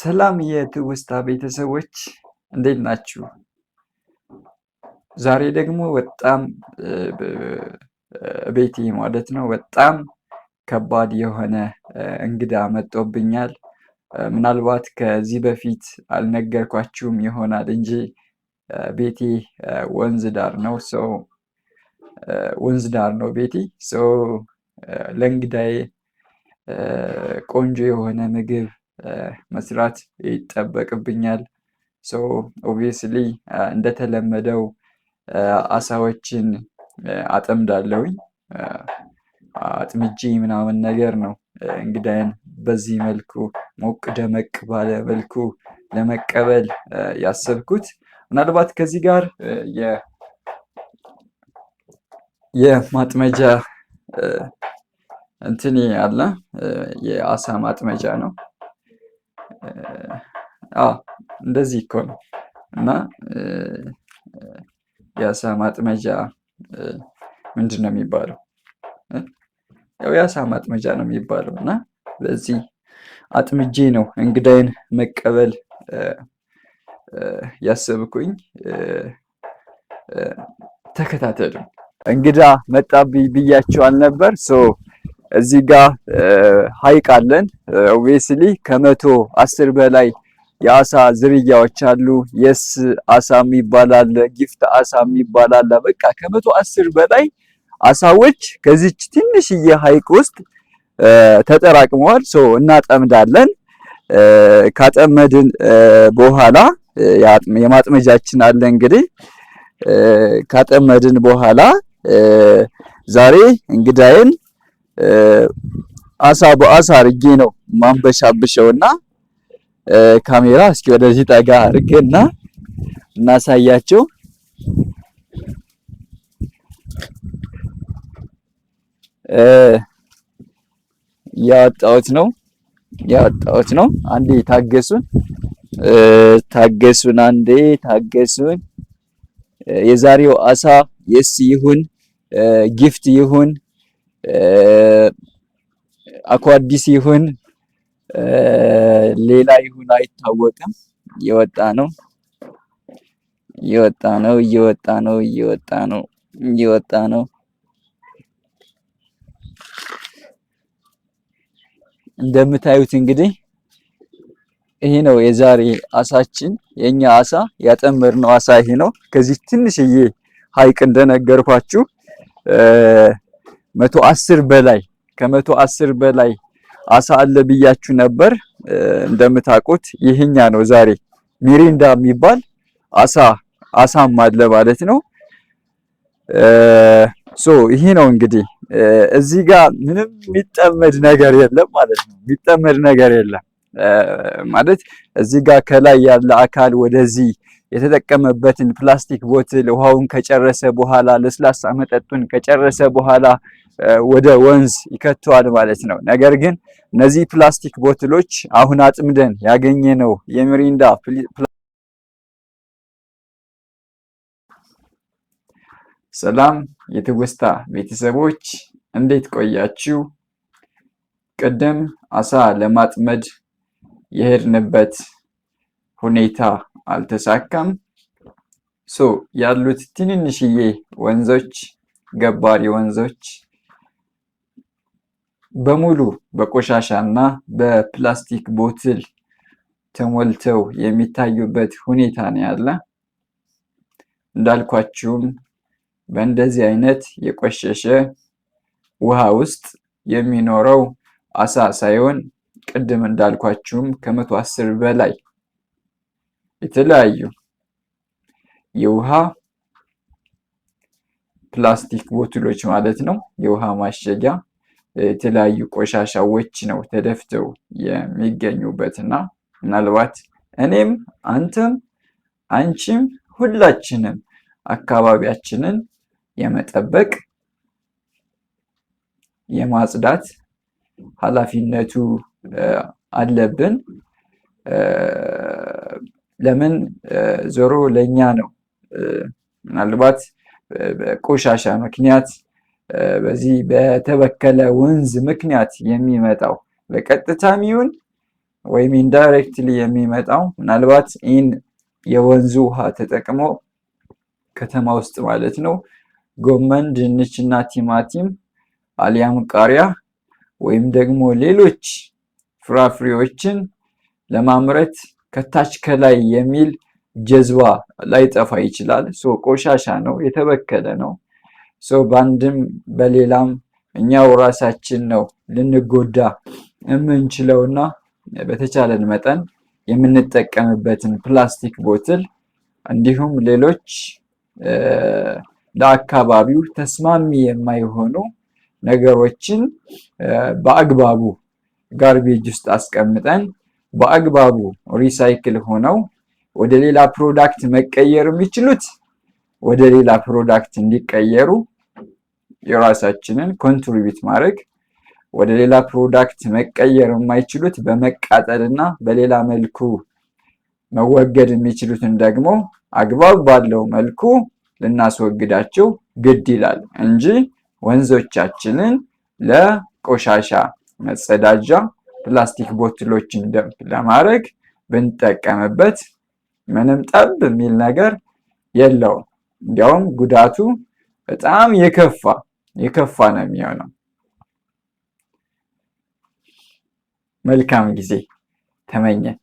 ሰላም የትውስታ ቤተሰቦች እንዴት ናችሁ? ዛሬ ደግሞ በጣም ቤቴ ማለት ነው በጣም ከባድ የሆነ እንግዳ መጥቶብኛል። ምናልባት ከዚህ በፊት አልነገርኳችሁም ይሆናል እንጂ ቤቴ ወንዝ ዳር ነው። ሰው ወንዝ ዳር ነው ቤቴ። ሰው ለእንግዳዬ ቆንጆ የሆነ ምግብ መስራት ይጠበቅብኛል። ሶ ኦብቪየስሊ እንደተለመደው አሳዎችን አጠምዳለሁኝ። አጥምጄ ምናምን ነገር ነው እንግዳን በዚህ መልኩ ሞቅ ደመቅ ባለ መልኩ ለመቀበል ያሰብኩት። ምናልባት ከዚህ ጋር የማጥመጃ እንትን አለ፣ የአሳ ማጥመጃ ነው። አዎ እንደዚህ እኮ ነው። እና የአሳ ማጥመጃ ምንድን ነው የሚባለው? ያው የአሳ ማጥመጃ ነው የሚባለው። እና በዚህ አጥምጄ ነው እንግዳይን መቀበል ያሰብኩኝ። ተከታተሉ። እንግዳ መጣብኝ ብያቸዋል ነበር ሶ እዚህ ጋር ሐይቅ አለን። ኦብቪየስሊ ከመቶ አስር በላይ የአሳ ዝርያዎች አሉ። የስ አሳ ይባላል፣ ጊፍት አሳ ይባላል። በቃ ከመቶ አስር በላይ አሳዎች ከዚች ትንሽዬ ሀይቅ ውስጥ ተጠራቅመዋል። ሶ እናጠምዳለን። ካጠመድን በኋላ የማጥመጃችን አለ እንግዲህ ካጠመድን በኋላ ዛሬ እንግዳዬን አሳ በአሳ አርጌ ነው ማንበሻብሸውና ካሜራ እስኪ ወደዚህ ጠጋ አርገና እናሳያቸው። ያወጣሁት ነው ያወጣሁት ነው። አንዴ ታገሱን ታገሱን፣ አንዴ ታገሱን። የዛሬው አሳ የስ ይሁን ጊፍት ይሁን አኳዲስ ይሁን ሌላ ይሁን አይታወቅም። እየወጣ ነው እየወጣ ነው እየወጣ ነው እየወጣ ነው እየወጣ ነው። እንደምታዩት እንግዲህ ይሄ ነው የዛሬ አሳችን። የኛ አሳ ያጠመርነው አሳ ይሄ ነው። ከዚህ ትንሽዬ ሀይቅ እንደነገርኳችሁ መቶ አስር በላይ ከመቶ አስር በላይ አሳ አለ ብያችሁ ነበር። እንደምታውቁት ይህኛ ነው ዛሬ ሚሪንዳ የሚባል አሳ አሳም አለ ማለት ነው። ሶ ይሄ ነው እንግዲህ እዚህ ጋር ምንም የሚጠመድ ነገር የለም ማለት ነው። የሚጠመድ ነገር የለም ማለት እዚህ ጋር ከላይ ያለ አካል ወደዚህ የተጠቀመበትን ፕላስቲክ ቦትል ውሃውን ከጨረሰ በኋላ ለስላሳ መጠጡን ከጨረሰ በኋላ ወደ ወንዝ ይከተዋል ማለት ነው። ነገር ግን እነዚህ ፕላስቲክ ቦትሎች አሁን አጥምደን ያገኘ ነው የሚሪንዳ ሰላም የትውስታ ቤተሰቦች እንዴት ቆያችሁ? ቅድም አሳ ለማጥመድ የሄድንበት ሁኔታ አልተሳካም። ሶ ያሉት ትንንሽዬ ወንዞች ገባሪ ወንዞች በሙሉ በቆሻሻ እና በፕላስቲክ ቦትል ተሞልተው የሚታዩበት ሁኔታ ነው ያለ። እንዳልኳችሁም በእንደዚህ አይነት የቆሸሸ ውሃ ውስጥ የሚኖረው አሳ ሳይሆን ቅድም እንዳልኳችሁም ከመቶ አስር በላይ የተለያዩ የውሃ ፕላስቲክ ቦትሎች ማለት ነው የውሃ ማሸጊያ የተለያዩ ቆሻሻዎች ነው ተደፍተው የሚገኙበት ምናልባት እኔም አንተም አንቺም ሁላችንም አካባቢያችንን የመጠበቅ የማጽዳት ኃላፊነቱ አለብን። ለምን ዞሮ ለእኛ ነው። ምናልባት በቆሻሻ ምክንያት በዚህ በተበከለ ወንዝ ምክንያት የሚመጣው በቀጥታ ይሁን ወይም ኢንዳይሬክትሊ የሚመጣው ምናልባት ኢን የወንዙ ውሃ ተጠቅሞ ከተማ ውስጥ ማለት ነው ጎመን፣ ድንች እና ቲማቲም አሊያም ቃሪያ ወይም ደግሞ ሌሎች ፍራፍሬዎችን ለማምረት ከታች ከላይ የሚል ጀዝባ ላይጠፋ ይችላል። ቆሻሻ ነው፣ የተበከለ ነው። ሰው በአንድም በሌላም እኛው ራሳችን ነው ልንጎዳ የምንችለውና በተቻለን መጠን የምንጠቀምበትን ፕላስቲክ ቦትል እንዲሁም ሌሎች ለአካባቢው ተስማሚ የማይሆኑ ነገሮችን በአግባቡ ጋርቤጅ ውስጥ አስቀምጠን በአግባቡ ሪሳይክል ሆነው ወደ ሌላ ፕሮዳክት መቀየር የሚችሉት ወደ ሌላ ፕሮዳክት እንዲቀየሩ የራሳችንን ኮንትሪቢት ማድረግ ወደ ሌላ ፕሮዳክት መቀየር የማይችሉት በመቃጠል እና በሌላ መልኩ መወገድ የሚችሉትን ደግሞ አግባብ ባለው መልኩ ልናስወግዳቸው ግድ ይላል እንጂ ወንዞቻችንን ለቆሻሻ መጸዳጃ ፕላስቲክ ቦትሎችን ደንብ ለማድረግ ብንጠቀምበት ምንም ጠብ የሚል ነገር የለውም። እንዲያውም ጉዳቱ በጣም የከፋ የከፋ ነው የሚሆነው። መልካም ጊዜ ተመኘን።